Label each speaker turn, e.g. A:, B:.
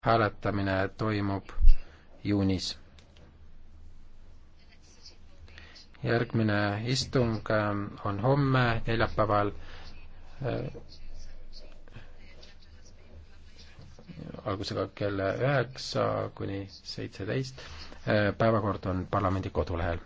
A: hääletamine toimub juunis. järgmine istung äh, on homme, neljapäeval. Äh, algusega
B: kell üheksa kuni seitseteist. Äh, päevakord on parlamendi kodulehel.